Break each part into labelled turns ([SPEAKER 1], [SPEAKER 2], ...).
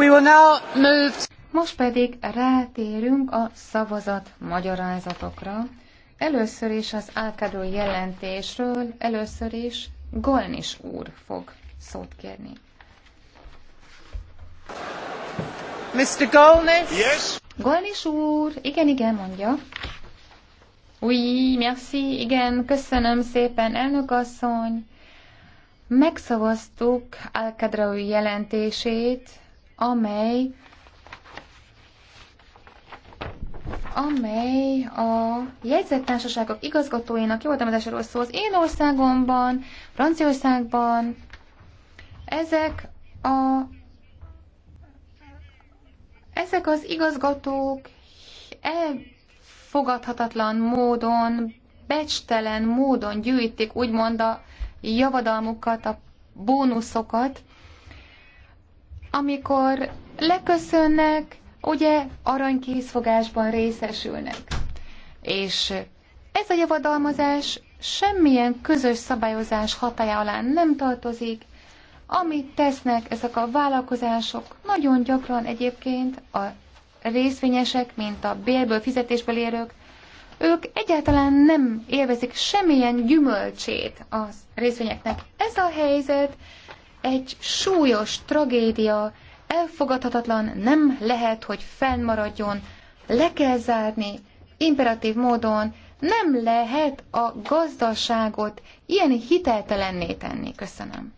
[SPEAKER 1] We will now move... Most pedig rátérünk a szavazat magyarázatokra. Először is az alkadó jelentésről, először is Golnis úr fog szót kérni.
[SPEAKER 2] Mr. Golnis?
[SPEAKER 1] Yes? Golnis úr, igen, igen, mondja. Oui, merci, igen, köszönöm szépen, elnök asszony. Megszavaztuk Alkadraui jelentését, amely amely a jegyzettársaságok igazgatóinak javadalmazásáról szól az én országomban, Franciaországban. Ezek a ezek az igazgatók elfogadhatatlan módon, becstelen módon gyűjtik úgymond a javadalmukat, a bónuszokat, amikor leköszönnek, ugye aranykészfogásban részesülnek. És ez a javadalmazás semmilyen közös szabályozás hatája alá nem tartozik, amit tesznek ezek a vállalkozások, nagyon gyakran egyébként a részvényesek, mint a bérből fizetésből érők, ők egyáltalán nem élvezik semmilyen gyümölcsét az részvényeknek. Ez a helyzet egy súlyos tragédia, elfogadhatatlan, nem lehet, hogy fennmaradjon, le kell zárni, imperatív módon, nem lehet a gazdaságot ilyen hiteltelenné tenni. Köszönöm.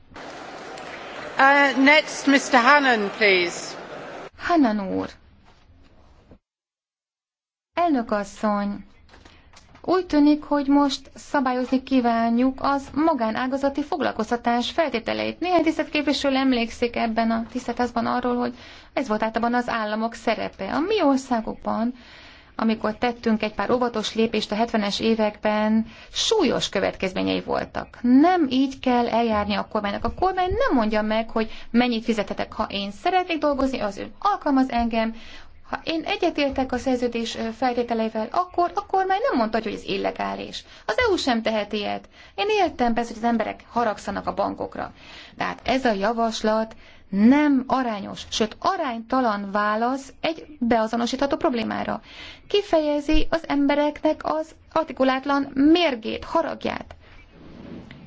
[SPEAKER 1] Uh, next, Mr. Hannan, please. Hannan úr. Elnök asszony, úgy tűnik, hogy most szabályozni kívánjuk az magánágazati foglalkoztatás feltételeit. Néhány tisztelt emlékszik ebben a tisztetázban arról, hogy ez volt általában az államok szerepe. A mi országokban amikor tettünk egy pár óvatos lépést a 70-es években, súlyos következményei voltak. Nem így kell eljárni a kormánynak. A kormány nem mondja meg, hogy mennyit fizethetek, ha én szeretnék dolgozni, az ön alkalmaz engem, ha én egyetértek a szerződés feltételeivel, akkor, akkor már nem mondta, hogy ez illegális. Az EU sem teheti ilyet. Én értem persze, hogy az emberek haragszanak a bankokra. De hát ez a javaslat nem arányos, sőt aránytalan válasz egy beazonosítható problémára. Kifejezi az embereknek az artikulátlan mérgét, haragját.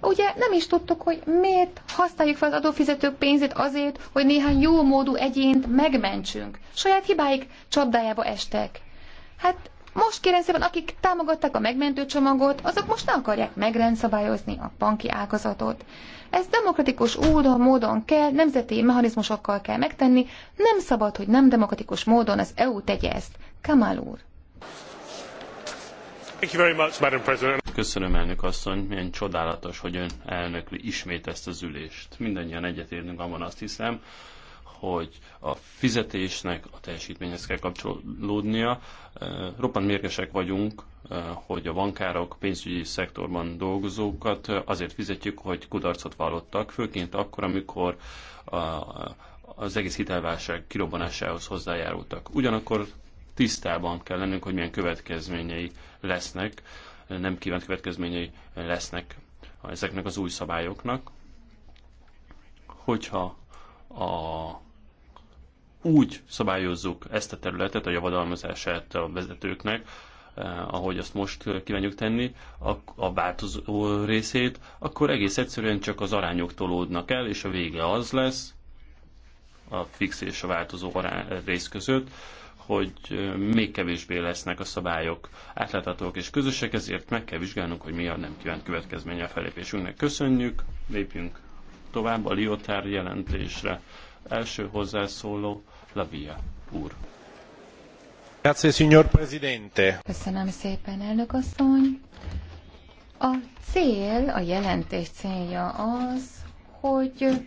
[SPEAKER 1] Ugye nem is tudtuk, hogy miért használjuk fel az adófizetők pénzét azért, hogy néhány jó módú egyént megmentsünk. Saját hibáik csapdájába estek. Hát most kérem szépen, akik támogatták a megmentő csomagot, azok most ne akarják megrendszabályozni a banki ágazatot. Ez demokratikus úton, módon kell, nemzeti mechanizmusokkal kell megtenni, nem szabad, hogy nem demokratikus módon az EU tegye ezt. Kamal úr.
[SPEAKER 3] Köszönöm, elnök asszony. Milyen csodálatos, hogy ön elnökli ismét ezt az ülést. Mindannyian egyetértünk abban azt hiszem, hogy a fizetésnek a teljesítményhez kell kapcsolódnia. Roppant mérgesek vagyunk, hogy a bankárok, pénzügyi szektorban dolgozókat azért fizetjük, hogy kudarcot vallottak, főként akkor, amikor az egész hitelválság kirobbanásához hozzájárultak. Ugyanakkor tisztában kell lennünk, hogy milyen következményei lesznek, nem kívánt következményei lesznek ezeknek az új szabályoknak, hogyha a úgy szabályozzuk ezt a területet, a javadalmazását a vezetőknek, eh, ahogy azt most kívánjuk tenni, a, a változó részét, akkor egész egyszerűen csak az arányok tolódnak el, és a vége az lesz, a fix és a változó arány, rész között, hogy még kevésbé lesznek a szabályok átláthatók és közösek, ezért meg kell vizsgálnunk, hogy mi a nem kívánt következménye a felépésünknek. Köszönjük, lépjünk tovább a Liotár jelentésre. Első hozzászóló Lavia úr.
[SPEAKER 1] Köszönöm szépen, elnök asszony. A cél, a jelentés célja az, hogy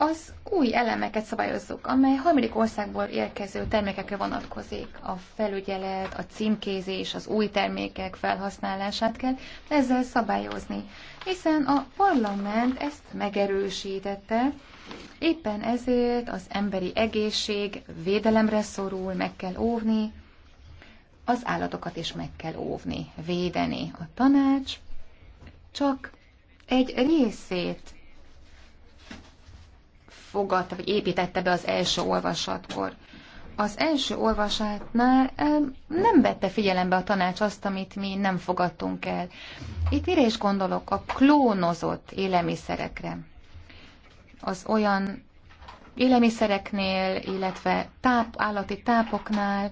[SPEAKER 1] az új elemeket szabályozzuk, amely harmadik országból érkező termékekre vonatkozik. A felügyelet, a címkézés, az új termékek felhasználását kell ezzel szabályozni, hiszen a parlament ezt megerősítette, éppen ezért az emberi egészség védelemre szorul, meg kell óvni, az állatokat is meg kell óvni, védeni. A tanács csak egy részét fogadta, vagy építette be az első olvasatkor. Az első olvasatnál nem vette figyelembe a tanács azt, amit mi nem fogadtunk el. Itt mire is gondolok? A klónozott élelmiszerekre. Az olyan élelmiszereknél, illetve táp, állati tápoknál.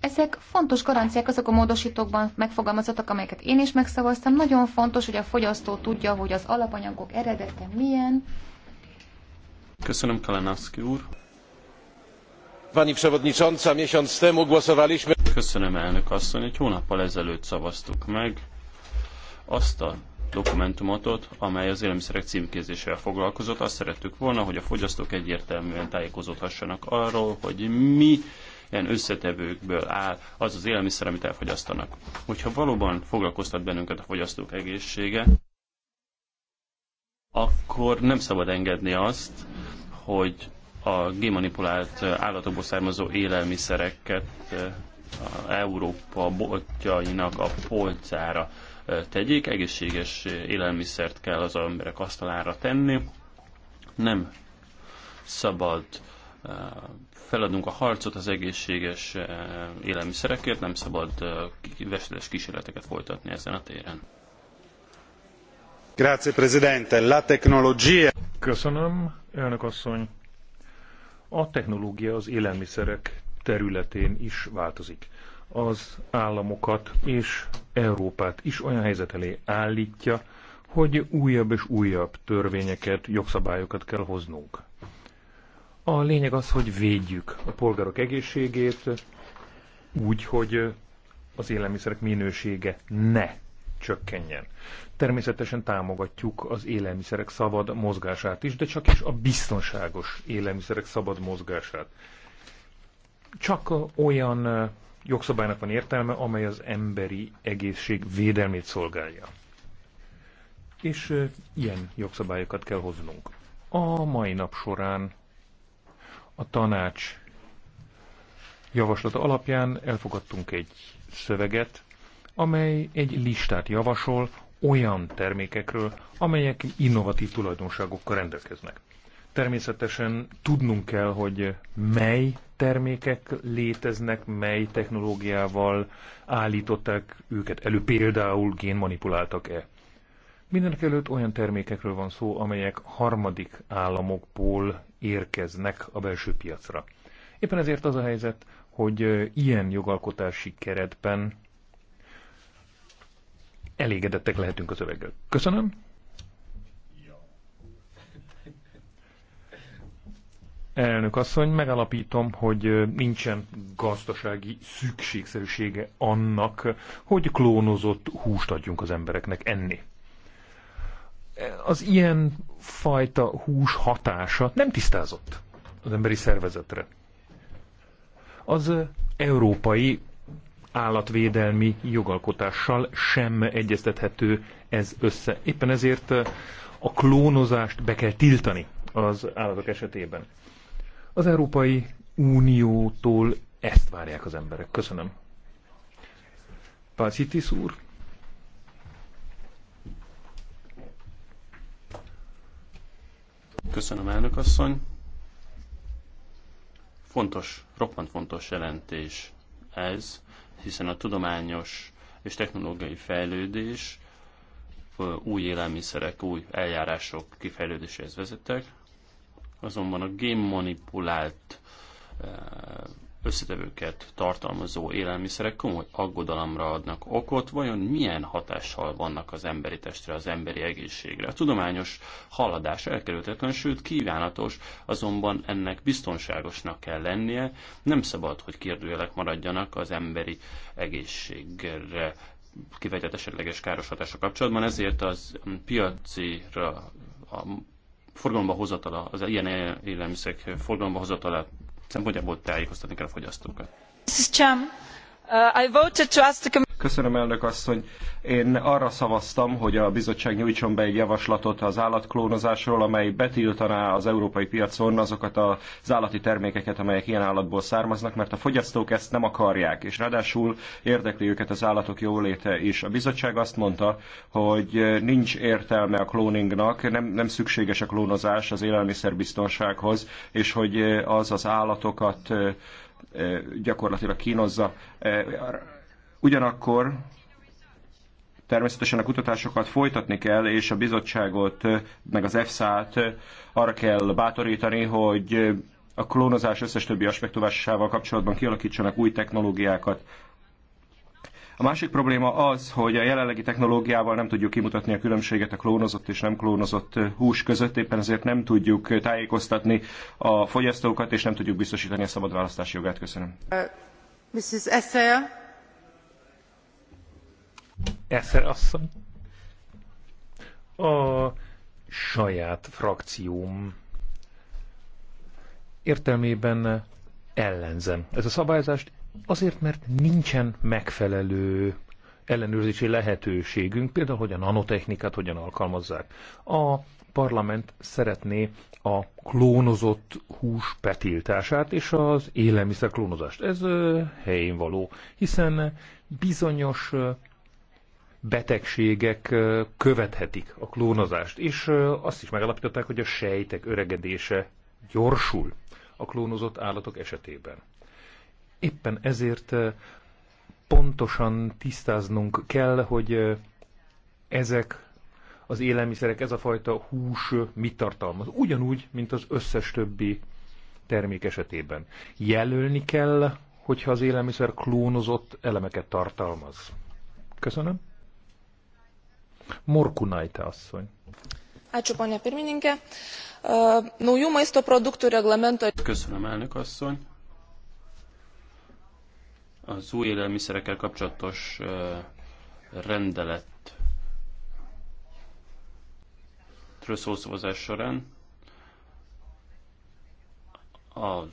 [SPEAKER 1] Ezek fontos garanciák, azok a módosítókban megfogalmazottak, amelyeket én is megszavaztam. Nagyon fontos, hogy a fogyasztó tudja, hogy az alapanyagok eredete milyen,
[SPEAKER 3] Köszönöm, úr. Pani przewodnicząca, miesiąc temu głosowaliśmy... Köszönöm, elnök asszony, egy hónappal ezelőtt szavaztuk meg azt a dokumentumot, amely az élelmiszerek címkézésével foglalkozott. Azt szerettük volna, hogy a fogyasztók egyértelműen tájékozódhassanak arról, hogy mi ilyen összetevőkből áll az az élelmiszer, amit elfogyasztanak. Hogyha valóban foglalkoztat bennünket a fogyasztók egészsége, akkor nem szabad engedni azt, hogy a gémanipulált állatokból származó élelmiszereket eh, a Európa boltjainak a polcára eh, tegyék, egészséges élelmiszert kell az emberek asztalára tenni. Nem szabad eh, feladunk a harcot az egészséges élelmiszerekért, nem szabad veszélyes kísérleteket folytatni ezen a téren.
[SPEAKER 2] Grazie Presidente, la tecnologia... Köszönöm. Elnök asszony, a technológia az élelmiszerek területén is változik. Az államokat és Európát is olyan helyzet elé állítja, hogy újabb és újabb törvényeket, jogszabályokat kell hoznunk. A lényeg az, hogy védjük a polgárok egészségét úgy, hogy az élelmiszerek minősége ne csökkenjen. Természetesen támogatjuk az élelmiszerek szabad mozgását is, de csak is a biztonságos élelmiszerek szabad mozgását. Csak olyan jogszabálynak van értelme, amely az emberi egészség védelmét szolgálja. És ilyen jogszabályokat kell hoznunk. A mai nap során a tanács javaslata alapján elfogadtunk egy szöveget, amely egy listát javasol olyan termékekről, amelyek innovatív tulajdonságokkal rendelkeznek. Természetesen tudnunk kell, hogy mely termékek léteznek, mely technológiával állították őket elő, például génmanipuláltak-e. Mindenek előtt olyan termékekről van szó, amelyek harmadik államokból érkeznek a belső piacra. Éppen ezért az a helyzet, hogy ilyen jogalkotási keretben elégedettek lehetünk az öveggel. Köszönöm. Elnök asszony, megalapítom, hogy nincsen gazdasági szükségszerűsége annak, hogy klónozott húst adjunk az embereknek enni. Az ilyen fajta hús hatása nem tisztázott az emberi szervezetre. Az európai állatvédelmi jogalkotással sem egyeztethető ez össze. Éppen ezért a klónozást be kell tiltani az állatok esetében. Az Európai Uniótól ezt várják az emberek. Köszönöm. Pácitis úr.
[SPEAKER 3] Köszönöm, elnök asszony. Fontos, roppant fontos jelentés ez, hiszen a tudományos és technológiai fejlődés új élelmiszerek, új eljárások kifejlődéséhez vezettek, azonban a génmanipulált összetevőket tartalmazó élelmiszerek komoly aggodalomra adnak okot, vajon milyen hatással vannak az emberi testre, az emberi egészségre. A tudományos haladás elkerülhetetlen, sőt kívánatos, azonban ennek biztonságosnak kell lennie, nem szabad, hogy kérdőjelek maradjanak az emberi egészségre kivetett esetleges káros hatása kapcsolatban, ezért az piacira a forgalomba hozatala, az ilyen élelmiszerek forgalomba hozatalát szempontjából tájékoztatni kell a fogyasztókat.
[SPEAKER 4] Köszönöm, elnök asszony. Én arra szavaztam, hogy a bizottság nyújtson be egy javaslatot az állatklónozásról, amely betiltaná az európai piacon azokat az állati termékeket, amelyek ilyen állatból származnak, mert a fogyasztók ezt nem akarják, és ráadásul érdekli őket az állatok jóléte is. A bizottság azt mondta, hogy nincs értelme a klóningnak, nem, nem szükséges a klónozás az élelmiszerbiztonsághoz, és hogy az az állatokat eh, gyakorlatilag kínozza eh, Ugyanakkor természetesen a kutatásokat folytatni kell, és a bizottságot, meg az EFSA-t arra kell bátorítani, hogy a klónozás összes többi aspektusával kapcsolatban kialakítsanak új technológiákat. A másik probléma az, hogy a jelenlegi technológiával nem tudjuk kimutatni a különbséget a klónozott és nem klónozott hús között, éppen ezért nem tudjuk tájékoztatni a fogyasztókat, és nem tudjuk biztosítani a szabad választási jogát. Köszönöm.
[SPEAKER 1] Uh, Mrs.
[SPEAKER 2] Eszer asszony. A saját frakcióm értelmében ellenzem ez a szabályzást, azért, mert nincsen megfelelő ellenőrzési lehetőségünk, például hogy a nanotechnikát hogyan alkalmazzák. A parlament szeretné a klónozott hús petiltását és az élelmiszer klónozást. Ez helyén való, hiszen bizonyos betegségek követhetik a klónozást, és azt is megalapították, hogy a sejtek öregedése gyorsul a klónozott állatok esetében. Éppen ezért pontosan tisztáznunk kell, hogy ezek az élelmiszerek, ez a fajta hús mit tartalmaz. Ugyanúgy, mint az összes többi termék esetében. Jelölni kell, hogyha az élelmiszer klónozott elemeket tartalmaz. Köszönöm. Morkunajte asszony.
[SPEAKER 1] Ácsú, panja pirmininke. Naujų maisto produktų reglamento...
[SPEAKER 3] Köszönöm, elnök asszony. Az új élelmiszerekkel kapcsolatos e, rendelet. szószavazás során az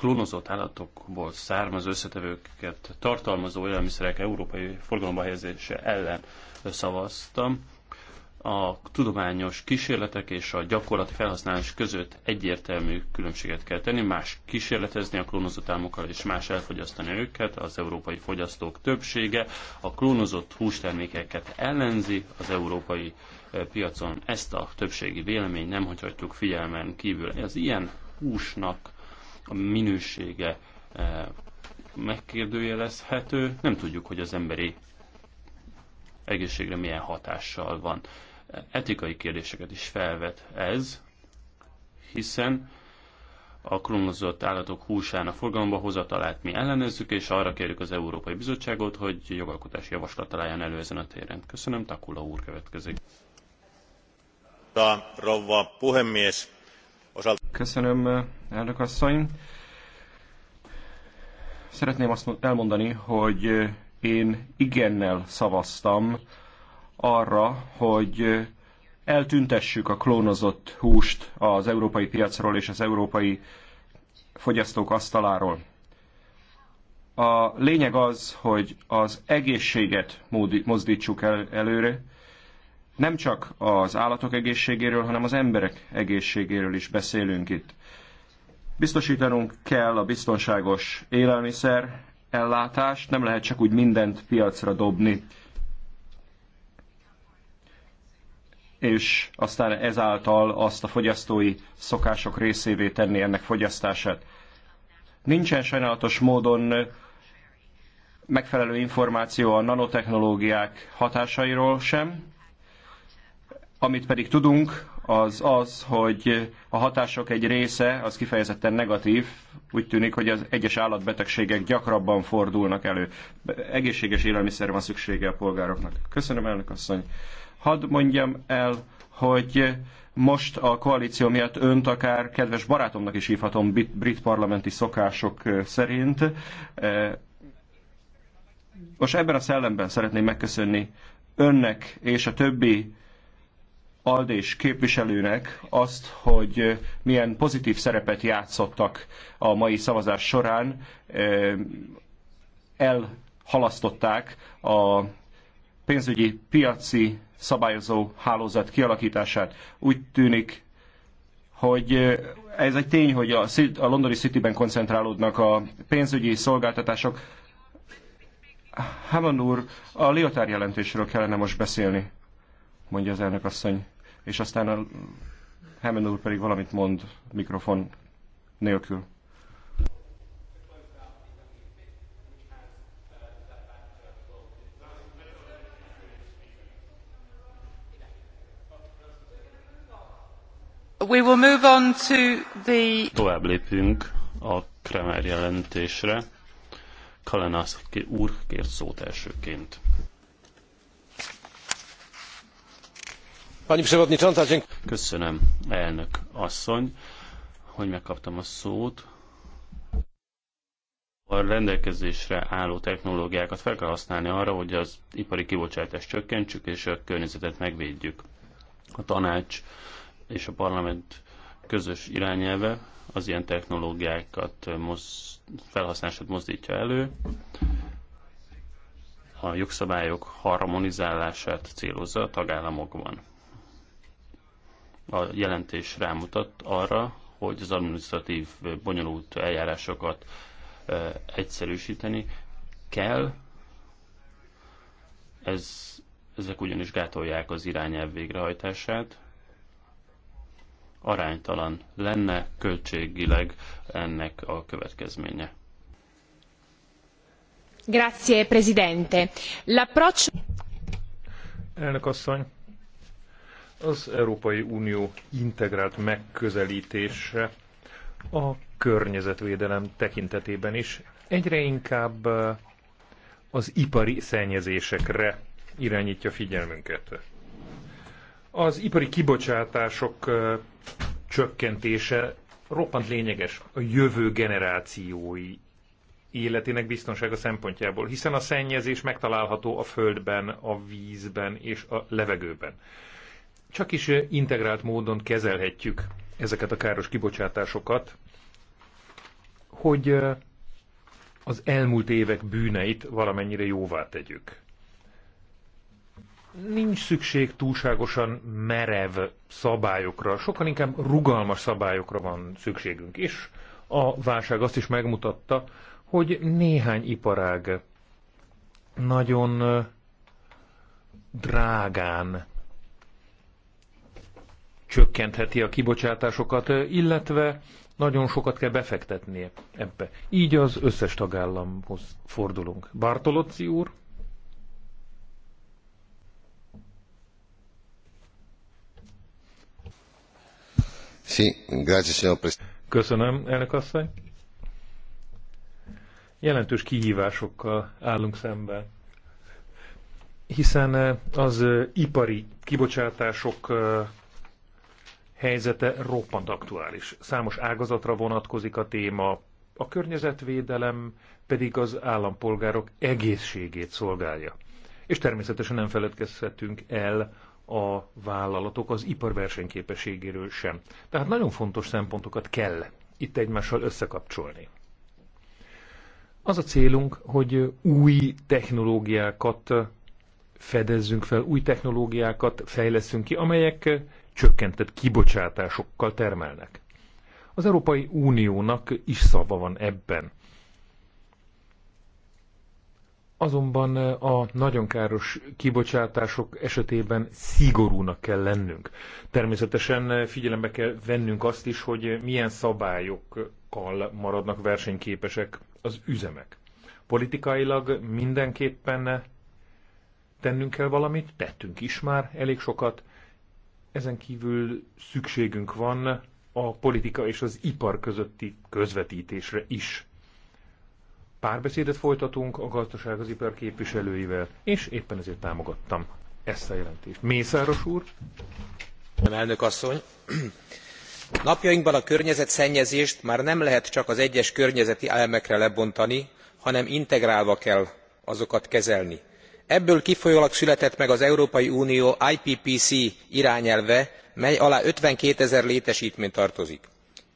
[SPEAKER 3] klónozott állatokból származó összetevőket tartalmazó élelmiszerek európai forgalomba helyezése ellen szavaztam. A tudományos kísérletek és a gyakorlati felhasználás között egyértelmű különbséget kell tenni, más kísérletezni a klónozott álmokkal és más elfogyasztani őket. Az európai fogyasztók többsége a klónozott hústermékeket ellenzi, az európai eh, piacon ezt a többségi vélemény nem hagyhatjuk figyelmen kívül. Az ilyen húsnak a minősége eh, megkérdőjelezhető, nem tudjuk, hogy az emberi egészségre milyen hatással van. Etikai kérdéseket is felvet ez, hiszen a klónozott állatok húsának forgalomba hozatalát mi ellenezzük, és arra kérjük az Európai Bizottságot, hogy jogalkotási javaslat találjon elő ezen a téren. Köszönöm, Takula úr következik. Rouva puhemies,
[SPEAKER 4] Köszönöm, elnök asszony. Szeretném azt elmondani, hogy én igennel szavaztam arra, hogy eltüntessük a klónozott húst az európai piacról és az európai fogyasztók asztaláról. A lényeg az, hogy az egészséget mozdítsuk el, előre, nem csak az állatok egészségéről, hanem az emberek egészségéről is beszélünk itt. Biztosítanunk kell a biztonságos élelmiszer ellátást, nem lehet csak úgy mindent piacra dobni. És aztán ezáltal azt a fogyasztói szokások részévé tenni ennek fogyasztását. Nincsen sajnálatos módon megfelelő információ a nanotechnológiák hatásairól sem, amit pedig tudunk, az az, hogy a hatások egy része az kifejezetten negatív, úgy tűnik, hogy az egyes állatbetegségek gyakrabban fordulnak elő. Egészséges élelmiszerre van szüksége a polgároknak. Köszönöm, elnök asszony. Hadd mondjam el, hogy most a koalíció miatt önt akár kedves barátomnak is hívhatom brit parlamenti szokások szerint. Most ebben a szellemben szeretném megköszönni önnek és a többi és képviselőnek azt, hogy milyen pozitív szerepet játszottak a mai szavazás során. Elhalasztották a pénzügyi piaci szabályozó hálózat kialakítását. Úgy tűnik, hogy ez egy tény, hogy a, a londoni Cityben koncentrálódnak a pénzügyi szolgáltatások. Hammond úr, a Liotár jelentésről kellene most beszélni, mondja az elnök asszony és aztán a Hammond úr pedig valamit mond mikrofon nélkül.
[SPEAKER 3] We will
[SPEAKER 5] move on to the...
[SPEAKER 3] Tovább lépünk a Kremer jelentésre. Kalenászki úr kért szót elsőként. Pani Przewodnicząca, Köszönöm, elnök asszony, hogy megkaptam a szót. A rendelkezésre álló technológiákat fel kell használni arra, hogy az ipari kibocsátást csökkentsük és a környezetet megvédjük. A tanács és a parlament közös irányelve az ilyen technológiákat felhasználását mozdítja elő, a jogszabályok harmonizálását célozza a tagállamokban a jelentés rámutat arra, hogy az administratív bonyolult eljárásokat egyszerűsíteni kell. Ez, ezek ugyanis gátolják az irányelv végrehajtását. Aránytalan lenne költségileg ennek a következménye.
[SPEAKER 1] Grazie, Presidente. L'approccio...
[SPEAKER 2] Elnök asszony, az Európai Unió integrált megközelítése a környezetvédelem tekintetében is egyre inkább eh, az ipari szennyezésekre irányítja figyelmünket. Az ipari kibocsátások eh, csökkentése roppant lényeges a jövő generációi életének biztonsága szempontjából, hiszen a szennyezés megtalálható a földben, a vízben és a levegőben csak is integrált módon kezelhetjük ezeket a káros kibocsátásokat, hogy az elmúlt évek bűneit valamennyire jóvá tegyük. Nincs szükség túlságosan merev szabályokra, sokkal inkább rugalmas szabályokra van szükségünk is. A válság azt is megmutatta, hogy néhány iparág nagyon drágán csökkentheti a kibocsátásokat, illetve nagyon sokat kell befektetnie ebbe. Így az összes tagállamhoz fordulunk. Bartolozzi úr? Sí, grazie, signor Köszönöm, elnök asszony. Jelentős kihívásokkal állunk szemben, hiszen az ipari kibocsátások helyzete roppant aktuális. Számos ágazatra vonatkozik a téma, a környezetvédelem pedig az állampolgárok egészségét szolgálja. És természetesen nem feledkezhetünk el a vállalatok az iparversenyképességéről sem. Tehát nagyon fontos szempontokat kell itt egymással összekapcsolni. Az a célunk, hogy új technológiákat fedezzünk fel, új technológiákat fejleszünk ki, amelyek csökkentett kibocsátásokkal termelnek. Az Európai Uniónak is szava van ebben. Azonban eh, a nagyon káros kibocsátások esetében szigorúnak kell lennünk. Természetesen eh, figyelembe kell vennünk azt is, hogy milyen szabályokkal maradnak versenyképesek az üzemek. Politikailag mindenképpen tennünk kell valamit, tettünk is már elég sokat, ezen kívül szükségünk van a politika és az ipar közötti közvetítésre is. Párbeszédet folytatunk a gazdaság az ipar képviselőivel,
[SPEAKER 5] és éppen ezért támogattam ezt a jelentést. Mészáros úr? Elnök asszony, napjainkban a környezetszennyezést már nem lehet csak az egyes környezeti elemekre lebontani hanem integrálva kell azokat kezelni ebből kifolyólag született meg az európai unió ippc irányelve mely alá fifty two ezer létestmény tartozik.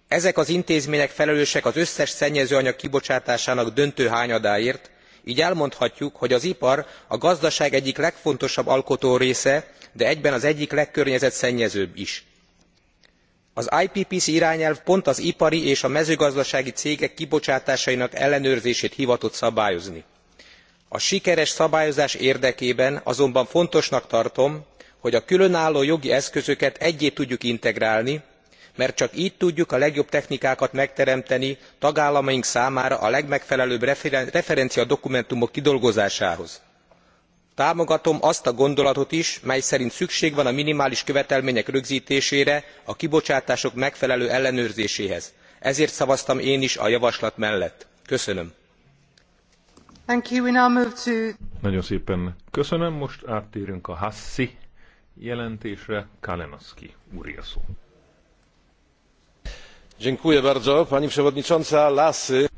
[SPEAKER 5] ezek az intézmények felelősek az összes szennyezőanyag kibocsátásának döntő hányadáért gy elmondhatjuk hogy az ipar a gazdaság egyik legfontosabb alkotórésze de egyben az egyik legkörnyezetszennyezőbb is. az ippc irányelv pont az ipari és a mezőgazdasági cégek kibocsátásainak ellenőrzését hivatott szabályozni a sikeres szabályozás érdekében azonban fontosnak tartom hogy a különálló jogi eszközöket eggyé tudjuk integrálni mert csak gy tudjuk a legjobb technikákat megteremteni tagállamaink számára a legmegfelelőbb referenciadokumentumok kidolgozásához. támogatom azt a gondolatot is mely szerint szükség van a minimális követelmények rögztésére a kibocsátások megfelelő ellenőrzéséhez ezért szavaztam én is a javaslat mellett. köszönöm. Thank you. We now move to...
[SPEAKER 2] Nagyon szépen köszönöm. Most áttérünk a Hassi jelentésre. Kalenoszki, úr a szó. Dziękuję bardzo, pani przewodnicząca.
[SPEAKER 4] Lasy.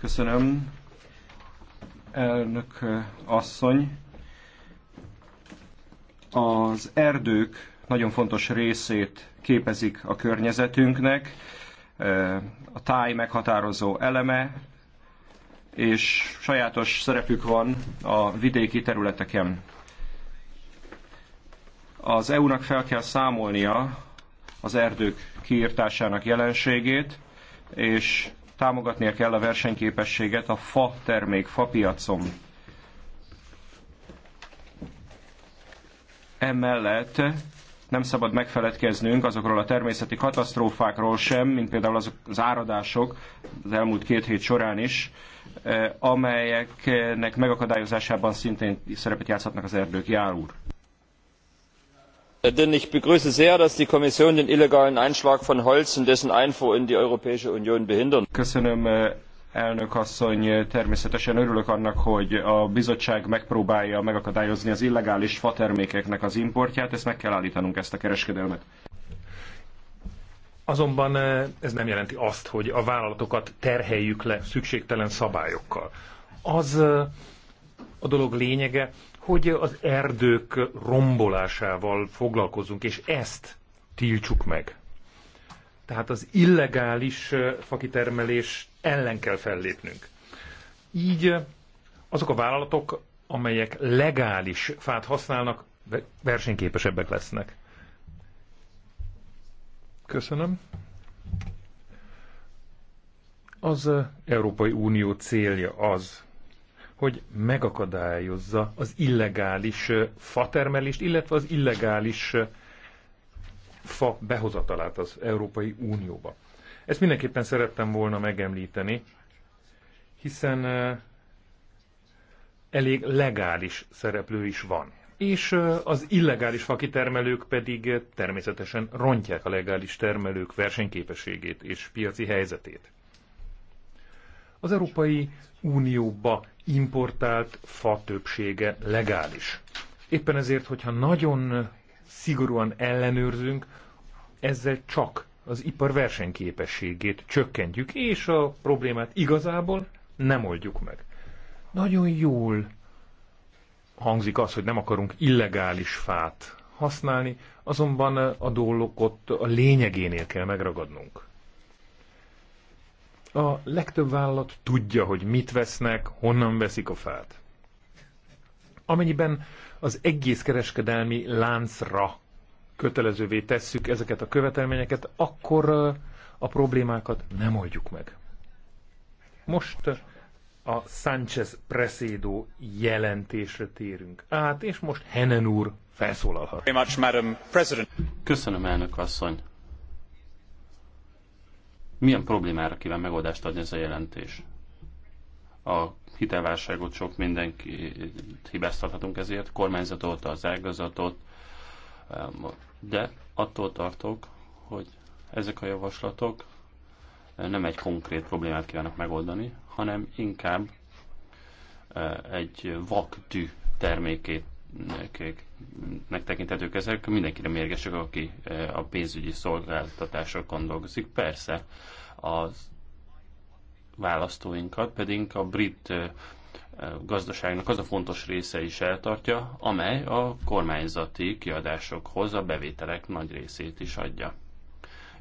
[SPEAKER 4] Köszönöm, elnök e, asszony. Az erdők nagyon fontos részét képezik a környezetünknek. E, a táj meghatározó eleme, és sajátos szerepük van a vidéki területeken. Az EU-nak fel kell számolnia az erdők kiirtásának jelenségét, és támogatnia kell a versenyképességet a fa termék, fa piacon. Emellett nem szabad megfeledkeznünk azokról a természeti katasztrófákról sem, mint például azok az áradások az elmúlt két hét során is, eh, amelyeknek megakadályozásában szintén szerepet játszhatnak az erdők. Jár úr. Denn ich begrüße sehr, dass die Kommission den illegalen Einschlag von Holz und dessen Einfuhr in die Europäische Union behindern. Köszönöm eh, elnök asszony, természetesen örülök annak, hogy a bizottság megpróbálja megakadályozni az illegális fatermékeknek az importját, ezt meg kell állítanunk, ezt a kereskedelmet.
[SPEAKER 2] Azonban eh, ez nem jelenti azt, hogy a vállalatokat terheljük le szükségtelen szabályokkal. Az eh, a dolog lényege, hogy az erdők rombolásával foglalkozunk, és ezt tiltsuk meg. Tehát az illegális eh, fakitermelést ellen kell fellépnünk. Így azok a vállalatok, amelyek legális fát használnak, versenyképesebbek lesznek. Köszönöm. Az Európai Unió célja az, hogy megakadályozza az illegális fatermelést, illetve az illegális fa behozatalát az Európai Unióba. Ezt mindenképpen szerettem volna megemlíteni, hiszen elég legális szereplő is van. És az illegális fakitermelők pedig természetesen rontják a legális termelők versenyképességét és piaci helyzetét. Az Európai Unióba importált fa többsége legális. Éppen ezért, hogyha nagyon szigorúan ellenőrzünk, ezzel csak az ipar versenyképességét csökkentjük, és a problémát igazából nem oldjuk meg. Nagyon jól hangzik az, hogy nem akarunk illegális fát használni, azonban a dolgot a lényegénél kell megragadnunk. A legtöbb vállalat tudja, hogy mit vesznek, honnan veszik a fát. Amennyiben az egész kereskedelmi láncra kötelezővé tesszük ezeket a követelményeket, akkor a problémákat nem oldjuk meg. Most a Sánchez Presedo jelentésre térünk át, és most Henen úr felszólalhat. Köszönöm,
[SPEAKER 3] elnök asszony. Milyen problémára kíván megoldást adni ez a jelentés? A hitelválságot sok mindenki hibáztathatunk ezért, kormányzatot, az ágazatot, de attól tartok, hogy ezek a javaslatok eh, nem egy konkrét problémát kívánnak megoldani, hanem inkább eh, egy vaktű termékét megtekinthetők eh, ezek, mindenkire mérgesek, aki a pénzügyi szolgáltatásokon dolgozik. Persze, a választóinkat pedig a brit gazdaságnak az a fontos része is eltartja, amely a kormányzati kiadásokhoz a bevételek nagy részét is adja.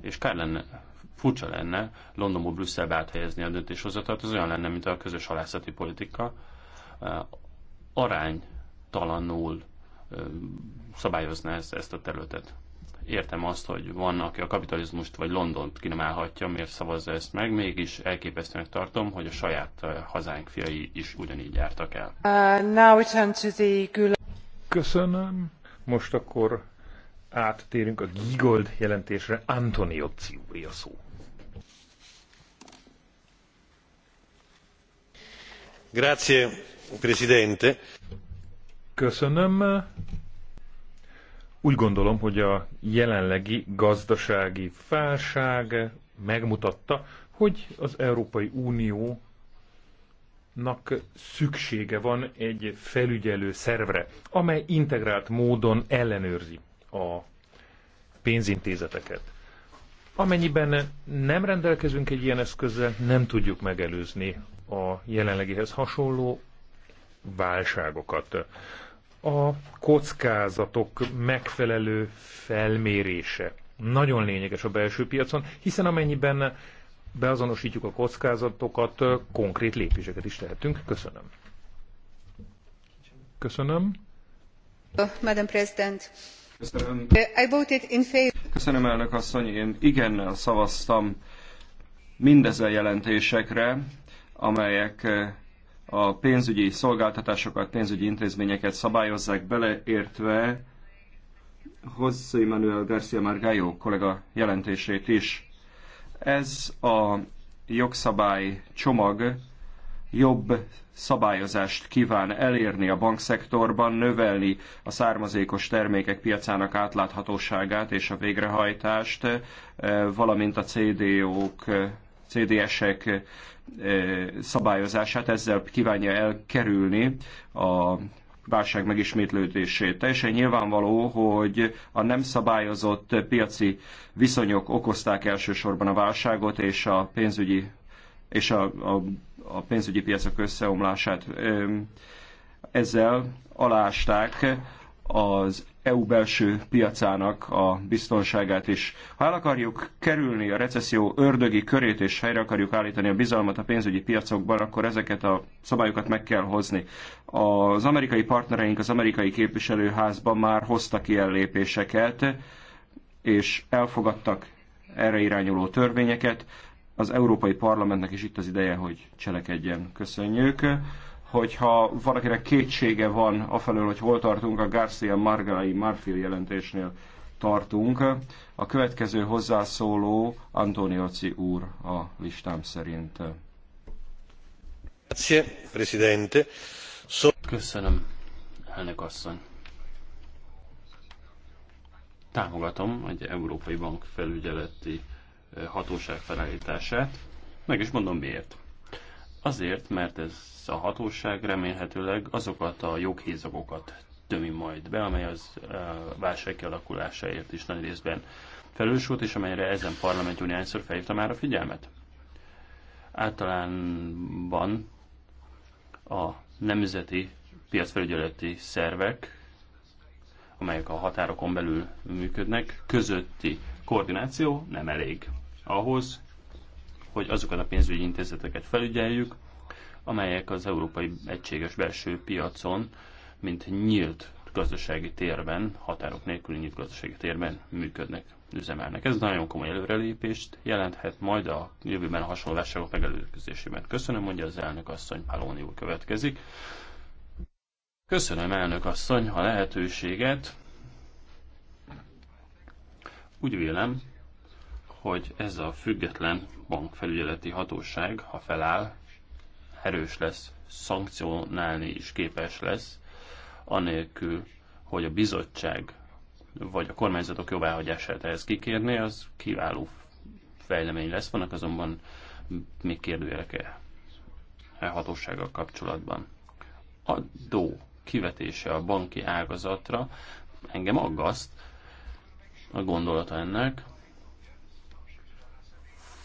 [SPEAKER 3] És kár lenne, furcsa lenne Londonból Brüsszelbe áthelyezni a döntéshozatot, az olyan lenne, mint a közös halászati politika, aránytalanul szabályozná ezt, ezt a területet. Értem azt, hogy van, aki a kapitalizmust vagy Londont kinomálhatja, miért szavazza ezt meg, mégis elképesztőnek tartom, hogy a saját eh, hazánk fiai is ugyanígy jártak el.
[SPEAKER 5] Uh, now we turn
[SPEAKER 2] to the... Köszönöm. Most akkor áttérünk a Gigold jelentésre. Antonio Ciuri a szó. Grazie, Presidente. Köszönöm, úgy gondolom, hogy a jelenlegi gazdasági felság megmutatta, hogy az Európai Uniónak szüksége van egy felügyelő szervre, amely integrált módon ellenőrzi a pénzintézeteket. Amennyiben nem rendelkezünk egy ilyen eszközzel, nem tudjuk megelőzni a jelenlegihez hasonló válságokat. A kockázatok megfelelő felmérése nagyon lényeges a belső piacon, hiszen amennyiben beazonosítjuk a kockázatokat, konkrét lépéseket is tehetünk. Köszönöm. Köszönöm.
[SPEAKER 1] Madam President. Köszönöm. I voted in favor.
[SPEAKER 4] Köszönöm, elnök asszony. Én igennel szavaztam mindezen jelentésekre, amelyek eh, a pénzügyi szolgáltatásokat, pénzügyi intézményeket szabályozzák beleértve José Manuel García Margallo kollega jelentését is. Ez a jogszabály csomag jobb szabályozást kíván elérni a bankszektorban, növelni a származékos termékek piacának átláthatóságát és a végrehajtást, valamint a CDO-k, CDS-ek szabályozását, ezzel kívánja elkerülni a válság megismétlődését. Teljesen nyilvánvaló, hogy a nem szabályozott piaci viszonyok okozták elsősorban a válságot és a pénzügyi, és a, a, a pénzügyi piacok összeomlását. Ezzel alásták az EU belső piacának a biztonságát is. Ha el akarjuk kerülni a recesszió ördögi körét, és helyre akarjuk állítani a bizalmat a pénzügyi piacokban, akkor ezeket a szabályokat meg kell hozni. Az amerikai partnereink az amerikai képviselőházban már hoztak ilyen lépéseket, és elfogadtak erre irányuló törvényeket. Az Európai Parlamentnek is itt az ideje, hogy cselekedjen. Köszönjük hogyha valakinek kétsége van afelől, hogy hol tartunk, a Garcia Margalai Marfil jelentésnél tartunk. A következő hozzászóló Antonioci úr a listám szerint.
[SPEAKER 3] Köszönöm, elnök asszony. Támogatom egy Európai Bank felügyeleti eh, hatóság felállítását. Meg is mondom miért. Azért, mert ez a hatóság remélhetőleg azokat a joghézagokat tömi majd be, amely az eh, válság kialakulásáért is nagy részben felelős volt, és amelyre ezen parlament néhányszor felhívta már a figyelmet. Általánban a nemzeti piacfelügyeleti szervek, amelyek a határokon belül működnek, közötti koordináció nem elég ahhoz, hogy azokat a pénzügyi intézeteket felügyeljük, amelyek az európai egységes belső piacon, mint nyílt gazdasági térben, határok nélküli nyílt gazdasági térben működnek, üzemelnek. Ez nagyon komoly előrelépést jelenthet majd a jövőben a hasonló válságok megelőzésében. Köszönöm, mondja az elnök asszony, Pálóni úr következik. Köszönöm, elnök asszony, a lehetőséget. Úgy vélem, hogy ez a független bankfelügyeleti hatóság, ha feláll, erős lesz, szankcionálni is képes lesz, anélkül, hogy a bizottság vagy a kormányzatok jóváhagyását ehhez kikérné, az kiváló fejlemény lesz. Vannak azonban még kérdőjelek e, e hatósággal kapcsolatban. dó kivetése a banki ágazatra engem aggaszt a gondolata ennek,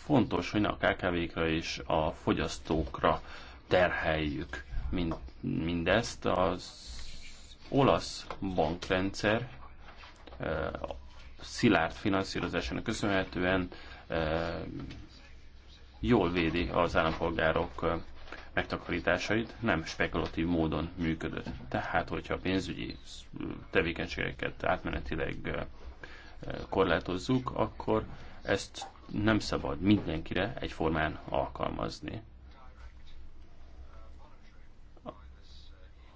[SPEAKER 3] fontos, hogy ne a KKV-kra és a fogyasztókra terheljük mind, mindezt. Az olasz bankrendszer eh, szilárd finanszírozásának köszönhetően eh, jól védi az állampolgárok eh, megtakarításait, nem spekulatív módon működött. Tehát, hogyha a pénzügyi tevékenységeket átmenetileg korlátozzuk, akkor ezt nem szabad mindenkire egyformán alkalmazni.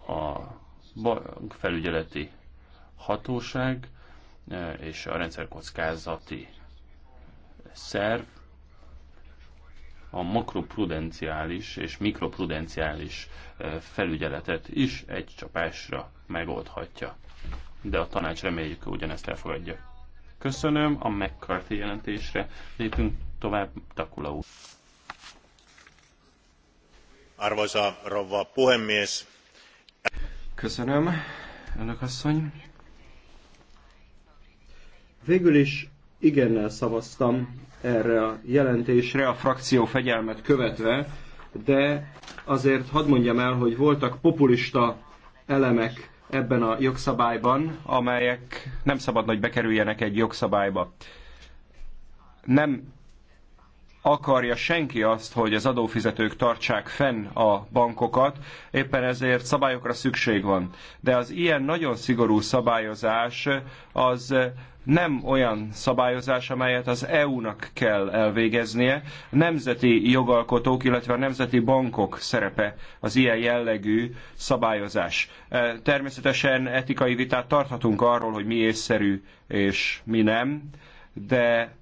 [SPEAKER 3] A bankfelügyeleti hatóság e, és a rendszerkockázati szerv a makroprudenciális és mikroprudenciális e, felügyeletet is egy csapásra megoldhatja. De a tanács reméljük ugyanezt elfogadja. Köszönöm, a McCarthy jelentésre lépünk tovább, Takula úr. Arvoisa rouva puhemies.
[SPEAKER 4] Köszönöm, önök asszony. Végül is igennel szavaztam erre a jelentésre, a frakció fegyelmet követve, de azért hadd mondjam el, hogy voltak populista elemek ebben a jogszabályban, amelyek nem szabad hogy bekerüljenek egy jogszabályba. Nem akarja senki azt, hogy az adófizetők tartsák fenn a bankokat, éppen ezért szabályokra szükség van. De az ilyen nagyon szigorú szabályozás az nem olyan szabályozás, amelyet az EU-nak kell elvégeznie. nemzeti jogalkotók, illetve a nemzeti bankok szerepe az ilyen jellegű szabályozás. E, természetesen etikai vitát tarthatunk arról, hogy mi észszerű és mi nem, de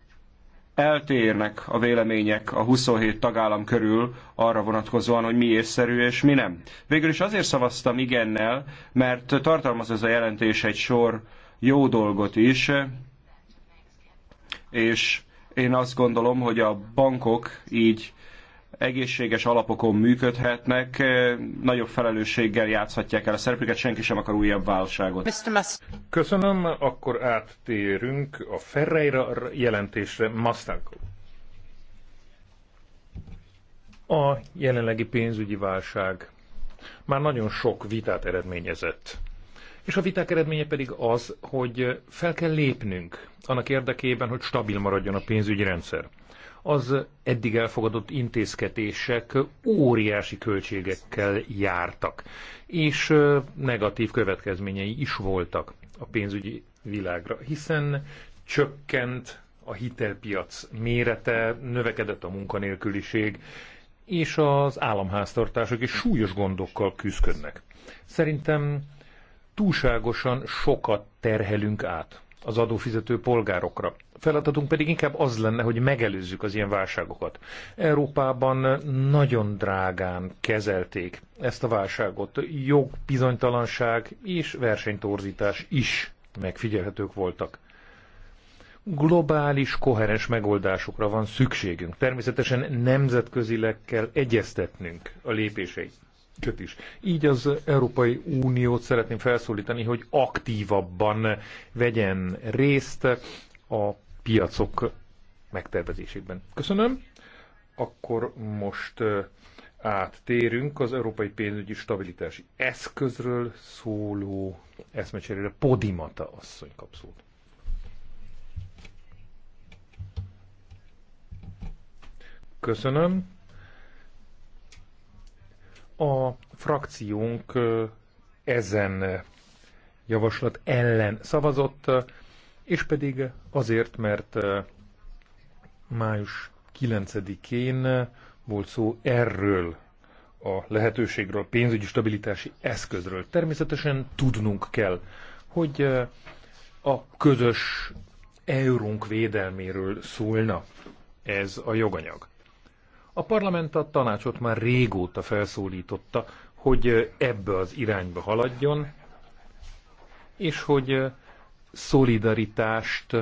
[SPEAKER 4] eltérnek a vélemények a 27 tagállam körül arra vonatkozóan, hogy mi észszerű és mi nem. Végül is azért szavaztam igennel, mert tartalmaz ez a jelentés egy sor jó dolgot is, és én azt gondolom, hogy a bankok így egészséges alapokon működhetnek, eh, nagyobb felelősséggel játszhatják el a szerepüket, senki sem
[SPEAKER 2] akar újabb válságot. Köszönöm, akkor áttérünk a Ferreira jelentésre. Masztánkó. A jelenlegi pénzügyi válság már nagyon sok vitát eredményezett. És a viták eredménye pedig az, hogy fel kell lépnünk annak érdekében, hogy stabil maradjon a pénzügyi rendszer az eddig elfogadott intézkedések óriási költségekkel jártak, és negatív következményei is voltak a pénzügyi világra, hiszen csökkent a hitelpiac mérete, növekedett a munkanélküliség, és az államháztartások is súlyos gondokkal küzdködnek. Szerintem túlságosan sokat terhelünk át az adófizető polgárokra. Feladatunk pedig inkább az lenne, hogy megelőzzük az ilyen válságokat. Európában nagyon drágán kezelték ezt a válságot. Jogbizonytalanság és versenytorzítás is megfigyelhetők voltak globális, koherens megoldásokra van szükségünk. Természetesen nemzetközileg kell egyeztetnünk a lépéseit csöt is. Így az Európai Uniót szeretném felszólítani, hogy aktívabban vegyen részt a piacok megtervezésében. Köszönöm. Akkor most áttérünk az Európai Pénzügyi Stabilitási Eszközről szóló eszmecserére. Podimata asszony kap szót. Köszönöm. A frakciónk ezen javaslat ellen szavazott, és pedig azért, mert május 9-én volt szó erről a lehetőségről, a pénzügyi stabilitási eszközről. Természetesen tudnunk kell, hogy a közös eurónk védelméről szólna ez a joganyag. A parlament a tanácsot már régóta felszólította, hogy ebbe az irányba haladjon, és hogy szolidaritást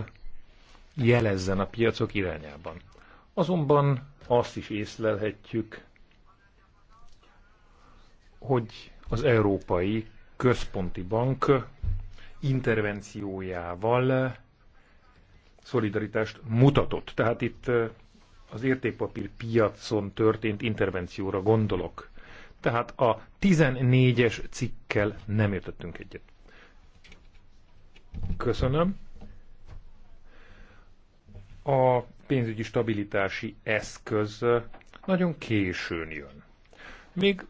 [SPEAKER 2] jelezzen a piacok irányában. Azonban azt is észlelhetjük, hogy az Európai Központi Bank intervenciójával szolidaritást mutatott. Tehát itt az értékpapír piacon történt intervencióra gondolok. Tehát a 14-es cikkel nem értettünk egyet. Köszönöm. A pénzügyi stabilitási eszköz nagyon későn jön. Még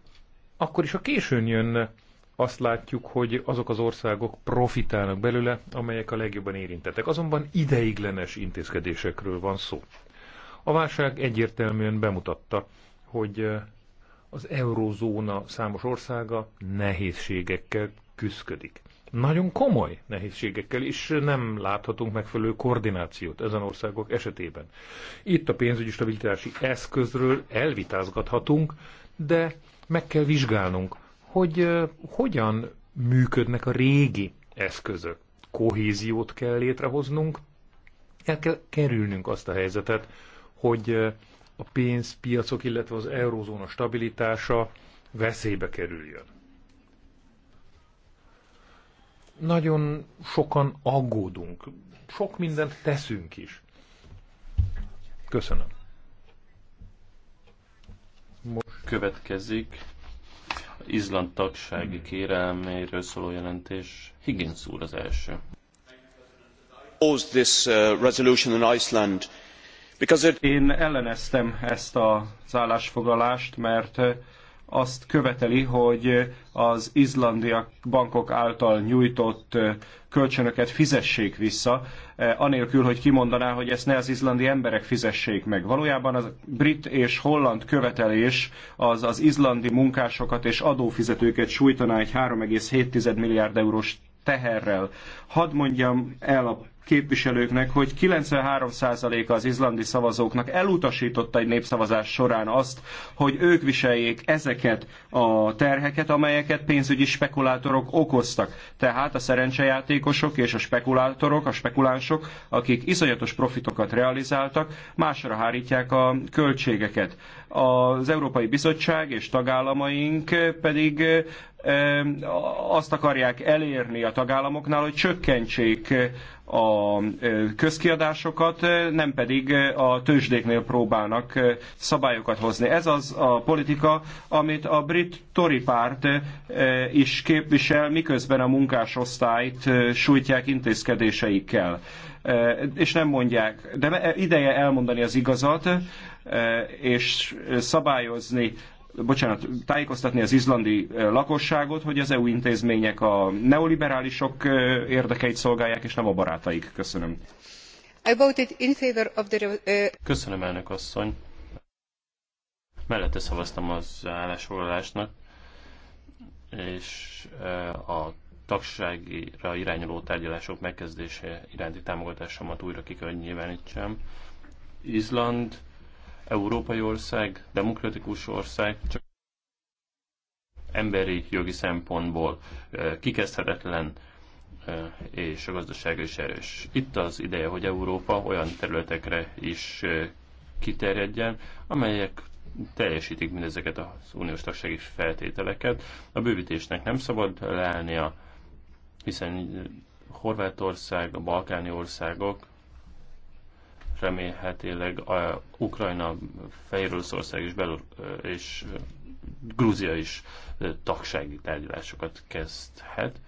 [SPEAKER 2] akkor is, a későn jön, azt látjuk, hogy azok az országok profitálnak belőle, amelyek a legjobban érintettek. Azonban ideiglenes intézkedésekről van szó. A válság egyértelműen bemutatta, hogy az eurózóna számos országa nehézségekkel küzdik. Nagyon komoly nehézségekkel, és nem láthatunk megfelelő koordinációt ezen országok esetében. Itt a pénzügyi stabilitási eszközről elvitázgathatunk, de meg kell vizsgálnunk, hogy hogyan működnek a régi eszközök. Kohéziót kell létrehoznunk, el kell kerülnünk azt a helyzetet, hogy a pénzpiacok, illetve az eurózóna stabilitása veszélybe kerüljön. Nagyon sokan aggódunk, sok mindent teszünk is. Köszönöm.
[SPEAKER 3] Most következik Izland tagsági kérelméről szóló jelentés. Higgins úr az első.
[SPEAKER 4] This uh, resolution in Iceland én elleneztem ezt az állásfoglalást, mert azt követeli, hogy az izlandiak bankok által nyújtott kölcsönöket fizessék vissza, anélkül, hogy kimondaná, hogy ezt ne az izlandi emberek fizessék meg. Valójában a brit és holland követelés az az izlandi munkásokat és adófizetőket sújtaná egy 3,7 milliárd eurós teherrel. Hadd mondjam el a képviselőknek, hogy 93%-a az izlandi szavazóknak elutasította egy népszavazás során azt, hogy ők viseljék ezeket a terheket, amelyeket pénzügyi spekulátorok okoztak. Tehát a szerencsejátékosok és a spekulátorok, a spekulánsok, akik iszonyatos profitokat realizáltak, másra hárítják a költségeket. Az Európai Bizottság és tagállamaink pedig eh, azt akarják elérni a tagállamoknál, hogy csökkentsék a közkiadásokat, nem pedig a tőzsdéknél próbálnak szabályokat hozni. Ez az a politika, amit a brit Tory párt is képvisel, miközben a munkásosztályt sújtják intézkedéseikkel. És nem mondják, de ideje elmondani az igazat, és szabályozni bocsánat, tájékoztatni az izlandi lakosságot, hogy az EU intézmények a neoliberálisok érdekeit szolgálják, és nem a barátaik. Köszönöm.
[SPEAKER 1] I voted in favor of the,
[SPEAKER 3] Köszönöm, elnök asszony. Mellette szavaztam az állásfoglalásnak, és a tagságra irányuló tárgyalások megkezdése iránti támogatásomat újra ki kell, hogy nyilvánítsam. Izland európai ország, demokratikus ország, csak emberi jogi szempontból kikezdhetetlen és a gazdasága is erős. Itt az ideje, hogy Európa olyan területekre is kiterjedjen, amelyek teljesítik mindezeket az uniós tagsági feltételeket. A bővítésnek nem szabad leállnia, hiszen Horvátország, a balkáni országok remélhetőleg a Ukrajna, Fehéroroszország és, Belor- és Grúzia is tagsági tárgyalásokat kezdhet.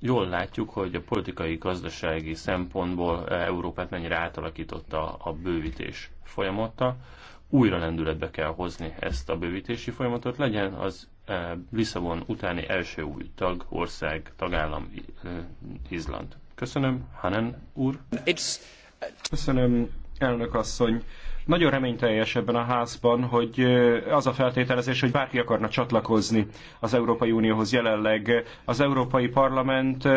[SPEAKER 3] Jól látjuk, hogy a politikai, gazdasági szempontból Európát mennyire átalakította a bővítés folyamata. Újra lendületbe kell hozni ezt a bővítési folyamatot, legyen az Lisszabon utáni első új tag, ország, tagállam, Izland. Köszönöm, Hanen úr. It's
[SPEAKER 4] Köszönöm, elnök asszony. Nagyon reményteljes ebben a házban, hogy az a feltételezés, hogy bárki akarna csatlakozni az Európai Unióhoz jelenleg. Az Európai Parlament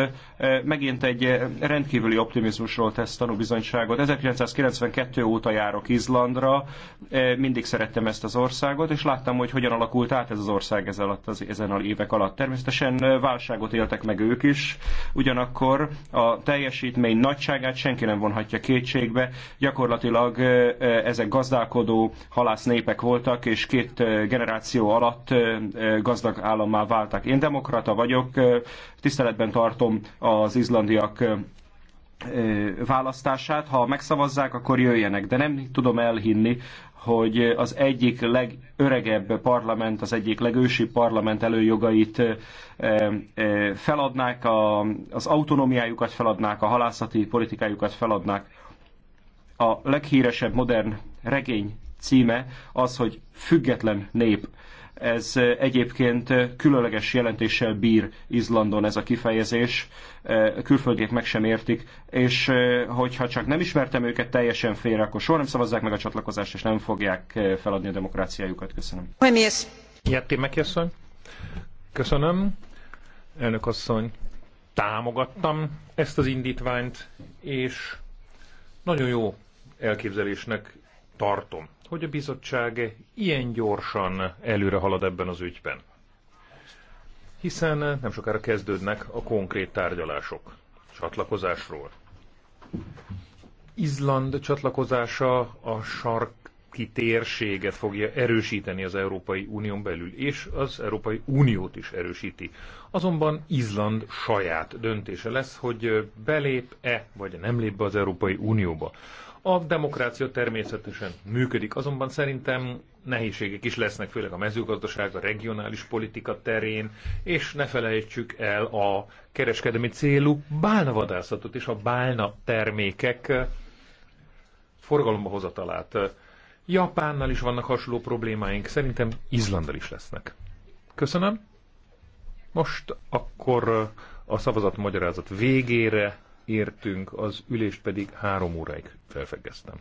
[SPEAKER 4] megint egy rendkívüli optimizmusról tesz tanúbizonyságot. 1992 óta járok Izlandra, mindig szerettem ezt az országot, és láttam, hogy hogyan alakult át ez az ország ez alatt, az, ezen a évek alatt. Természetesen válságot éltek meg ők is, ugyanakkor a teljesítmény nagyságát senki nem vonhatja kétségbe. Gyakorlatilag ez ezek gazdálkodó népek voltak, és két generáció alatt gazdag állammá váltak. Én demokrata vagyok, tiszteletben tartom az izlandiak választását. Ha megszavazzák, akkor jöjjenek. De nem tudom elhinni, hogy az egyik legöregebb parlament, az egyik legősibb parlament előjogait feladnák, az autonómiájukat feladnák, a halászati politikájukat feladnák a leghíresebb modern regény címe az, hogy Független nép. Ez egyébként különleges jelentéssel bír Izlandon ez a kifejezés, külföldiek meg sem értik, és hogyha csak nem ismertem őket teljesen félre, akkor soha nem szavazzák meg a csatlakozást, és nem fogják feladni a demokráciájukat.
[SPEAKER 2] Köszönöm. Jetti megköszön. Köszönöm. Elnök asszony, támogattam ezt az indítványt, és nagyon jó elképzelésnek tartom, hogy a bizottság ilyen gyorsan előre halad ebben az ügyben. Hiszen nem sokára kezdődnek a konkrét tárgyalások csatlakozásról. Izland csatlakozása a sarki térséget fogja erősíteni az Európai Unión belül, és az Európai Uniót is erősíti. Azonban Izland saját döntése lesz, hogy belép-e vagy nem lép be az Európai Unióba. A demokrácia természetesen működik, azonban szerintem nehézségek is lesznek, főleg a mezőgazdaság, a regionális politika terén, és ne felejtsük el a kereskedelmi célú bálnavadászatot és a bálna termékek forgalomba hozatalát. Japánnal is vannak hasonló problémáink, szerintem Izlandal is lesznek. Köszönöm. Most akkor a szavazat magyarázat végére értünk, az ülést pedig három óráig felfeggeztem.